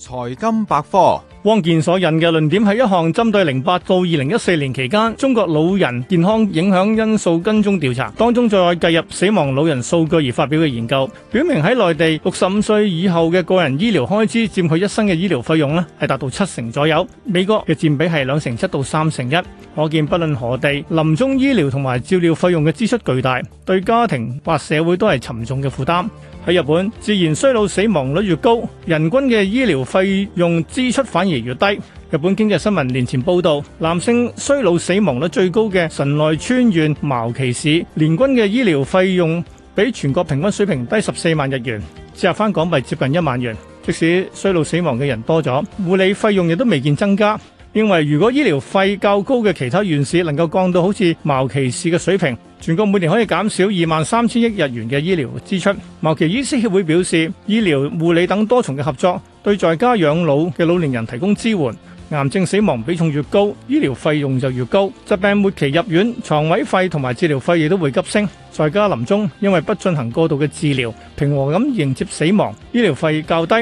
財經百科。汪建所引嘅論點係一項針對零八到二零一四年期間中國老人健康影響因素跟蹤調查當中，再計入死亡老人數據而發表嘅研究，表明喺內地六十五歲以後嘅個人醫療開支占佢一生嘅醫療費用咧係達到七成左右，美國嘅佔比係兩成七到三成一，可見不論何地，臨終醫療同埋照料費用嘅支出巨大，對家庭或社會都係沉重嘅負擔。喺日本，自然衰老死亡率越高，人均嘅醫療費用支出反。越嚟越低。日本經濟新聞年前報道，男性衰老死亡率最高嘅神奈川縣茅崎市，年均嘅醫療費用比全國平均水平低十四萬日元，折合翻港幣接近一萬元。即使衰老死亡嘅人多咗，護理費用亦都未見增加。認為如果醫療費較高嘅其他縣市能夠降到好似茅崎市嘅水平，全國每年可以減少二萬三千億日元嘅醫療支出。茂其醫師協會表示，醫療、護理等多重嘅合作，對在家養老嘅老年人提供支援。癌症死亡比重越高，醫療費用就越高。疾病末期入院，床位費同埋治療費亦都會急升。在家臨終，因為不進行過度嘅治療，平和咁迎接死亡，醫療費較低。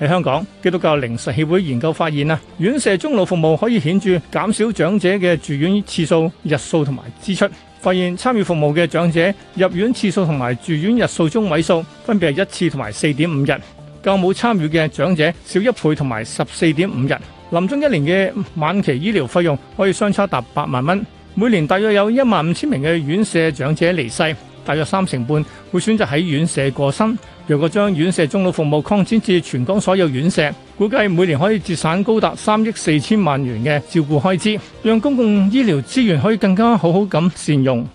喺香港，基督教靈實協會研究發現啊，院舍終老服務可以顯著減少長者嘅住院次數、日數同埋支出。發現參與服務嘅長者入院次數，同埋住院日數中位數分別係一次同埋四點五日，較冇參與嘅長者少一倍同埋十四點五日。臨終一年嘅晚期醫療費用可以相差達八萬蚊，每年大約有一萬五千名嘅院舍長者離世。大約三成半會選擇喺院舍過身，若果將院舍終老服務擴展至全港所有院舍，估計每年可以節省高達三億四千萬元嘅照顧開支，讓公共醫療資源可以更加好好咁善用。